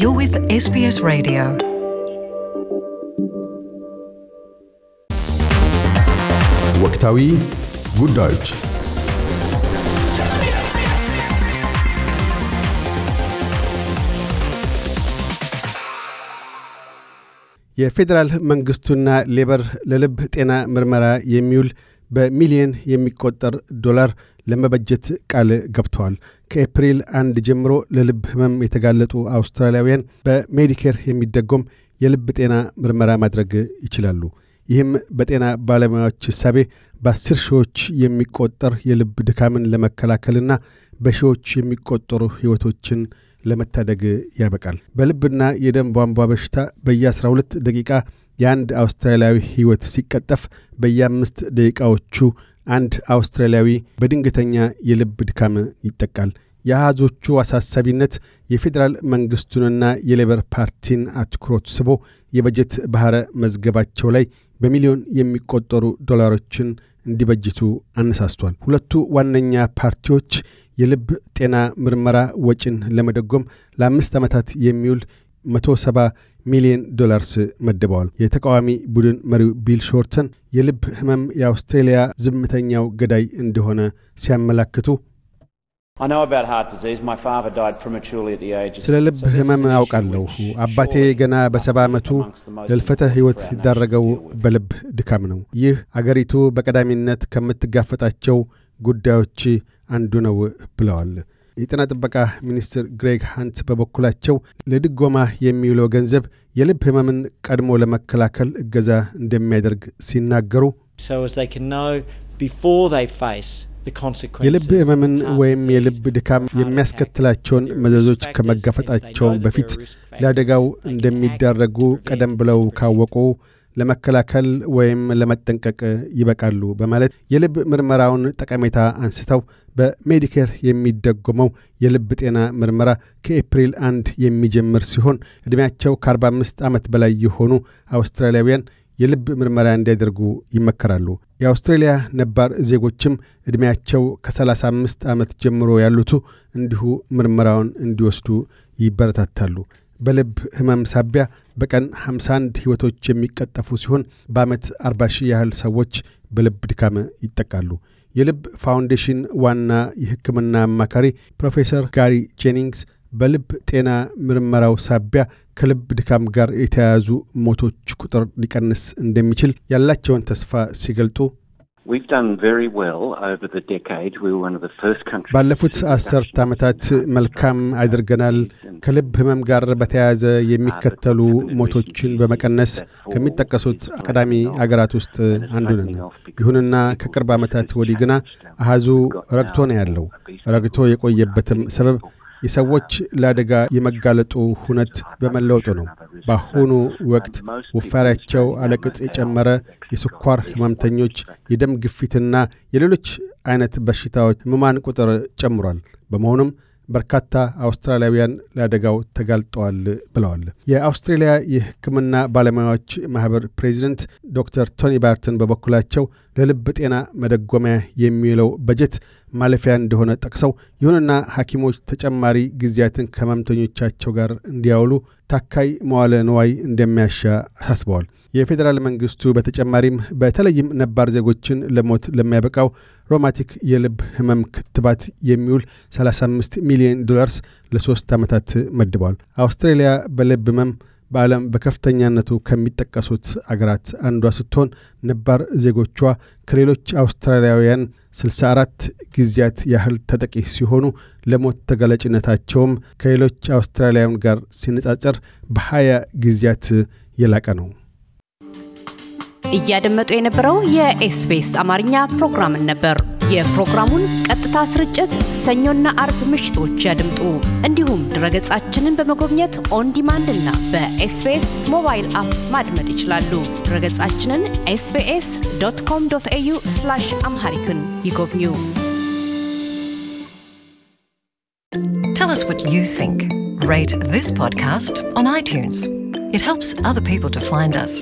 You're with SBS Radio. ወቅታዊ ጉዳዮች የፌዴራል መንግሥቱና ሌበር ለልብ ጤና ምርመራ የሚውል በሚሊየን የሚቆጠር ዶላር ለመበጀት ቃል ገብተዋል። ከኤፕሪል አንድ ጀምሮ ለልብ ህመም የተጋለጡ አውስትራሊያውያን በሜዲኬር የሚደጎም የልብ ጤና ምርመራ ማድረግ ይችላሉ። ይህም በጤና ባለሙያዎች ሕሳቤ በአስር ሺዎች የሚቆጠር የልብ ድካምን ለመከላከልና በሺዎች የሚቆጠሩ ሕይወቶችን ለመታደግ ያበቃል። በልብና የደም ቧንቧ በሽታ በየ12 ደቂቃ የአንድ አውስትራሊያዊ ሕይወት ሲቀጠፍ በየአምስት ደቂቃዎቹ አንድ አውስትራሊያዊ በድንገተኛ የልብ ድካም ይጠቃል። የአሃዞቹ አሳሳቢነት የፌዴራል መንግሥቱንና የሌበር ፓርቲን አትኩሮት ስቦ የበጀት ባሕረ መዝገባቸው ላይ በሚሊዮን የሚቆጠሩ ዶላሮችን እንዲበጅቱ አነሳስቷል። ሁለቱ ዋነኛ ፓርቲዎች የልብ ጤና ምርመራ ወጪን ለመደጎም ለአምስት ዓመታት የሚውል 170 ሚሊዮን ዶላርስ መድበዋል። የተቃዋሚ ቡድን መሪው ቢል ሾርተን የልብ ህመም የአውስትሬሊያ ዝምተኛው ገዳይ እንደሆነ ሲያመላክቱ ስለ ልብ ህመም አውቃለሁ። አባቴ ገና በሰባ ዓመቱ ለልፈተ ሕይወት ሲዳረገው በልብ ድካም ነው። ይህ አገሪቱ በቀዳሚነት ከምትጋፈጣቸው ጉዳዮች አንዱ ነው ብለዋል። የጤና ጥበቃ ሚኒስትር ግሬግ ሃንት በበኩላቸው ለድጎማ የሚውለው ገንዘብ የልብ ህመምን ቀድሞ ለመከላከል እገዛ እንደሚያደርግ ሲናገሩ የልብ ህመምን ወይም የልብ ድካም የሚያስከትላቸውን መዘዞች ከመጋፈጣቸውን በፊት ለአደጋው እንደሚዳረጉ ቀደም ብለው ካወቁ ለመከላከል ወይም ለመጠንቀቅ ይበቃሉ በማለት የልብ ምርመራውን ጠቀሜታ አንስተው በሜዲኬር የሚደጎመው የልብ ጤና ምርመራ ከኤፕሪል አንድ የሚጀምር ሲሆን ዕድሜያቸው ከ45 ዓመት በላይ የሆኑ አውስትራሊያውያን የልብ ምርመራ እንዲያደርጉ ይመከራሉ። የአውስትሬልያ ነባር ዜጎችም ዕድሜያቸው ከ35 ዓመት ጀምሮ ያሉቱ እንዲሁ ምርመራውን እንዲወስዱ ይበረታታሉ። በልብ ህመም ሳቢያ በቀን 51 ሕይወቶች የሚቀጠፉ ሲሆን በዓመት 40 ሺህ ያህል ሰዎች በልብ ድካም ይጠቃሉ። የልብ ፋውንዴሽን ዋና የሕክምና አማካሪ ፕሮፌሰር ጋሪ ጄኒንግስ በልብ ጤና ምርመራው ሳቢያ ከልብ ድካም ጋር የተያያዙ ሞቶች ቁጥር ሊቀንስ እንደሚችል ያላቸውን ተስፋ ሲገልጡ ባለፉት አስርት ዓመታት መልካም አድርገናል። ከልብ ህመም ጋር በተያያዘ uh, የሚከተሉ ሞቶችን በመቀነስ ከሚጠቀሱት ቀዳሚ አገራት ውስጥ አንዱ ነን። ይሁንና ከቅርብ ዓመታት ወዲህ ግና አሃዙ ረግቶ ነው ያለው። ረግቶ የቆየበትም ሰበብ የሰዎች ለአደጋ የመጋለጡ ሁነት በመለወጡ ነው። በአሁኑ ወቅት ውፋሪያቸው አለቅጥ የጨመረ የስኳር ህመምተኞች፣ የደም ግፊትና የሌሎች አይነት በሽታዎች ህሙማን ቁጥር ጨምሯል። በመሆኑም በርካታ አውስትራሊያውያን ለአደጋው ተጋልጠዋል ብለዋል። የአውስትሬልያ የሕክምና ባለሙያዎች ማኅበር ፕሬዚደንት ዶክተር ቶኒ ባርተን በበኩላቸው ለልብ ጤና መደጎሚያ የሚውለው በጀት ማለፊያ እንደሆነ ጠቅሰው፣ ይሁንና ሐኪሞች ተጨማሪ ጊዜያትን ከህመምተኞቻቸው ጋር እንዲያውሉ ታካይ መዋለ ንዋይ እንደሚያሻ አሳስበዋል። የፌዴራል መንግስቱ በተጨማሪም በተለይም ነባር ዜጎችን ለሞት ለሚያበቃው ሮማቲክ የልብ ህመም ክትባት የሚውል 35 ሚሊዮን ዶላርስ ለሶስት ዓመታት መድቧል። አውስትሬሊያ በልብ ህመም በዓለም በከፍተኛነቱ ከሚጠቀሱት አገራት አንዷ ስትሆን ነባር ዜጎቿ ከሌሎች አውስትራሊያውያን 64 ጊዜያት ያህል ተጠቂ ሲሆኑ ለሞት ተገለጭነታቸውም ከሌሎች አውስትራሊያውያን ጋር ሲነጻጸር በ20 ጊዜያት የላቀ ነው። እያደመጡ የነበረው የኤስፔስ አማርኛ ፕሮግራምን ነበር። የፕሮግራሙን በቀጥታ ስርጭት ሰኞና አርብ ምሽቶች ያድምጡ። እንዲሁም ድረገጻችንን በመጎብኘት ኦን ዲማንድ እና በኤስቢኤስ ሞባይል አፕ ማድመጥ ይችላሉ። ድረገጻችንን ኤስቢኤስ ዶት ኮም ዶት ኤዩ አምሃሪክን ይጎብኙ። Tell us what you think. Rate this podcast on iTunes. It helps other people to find us.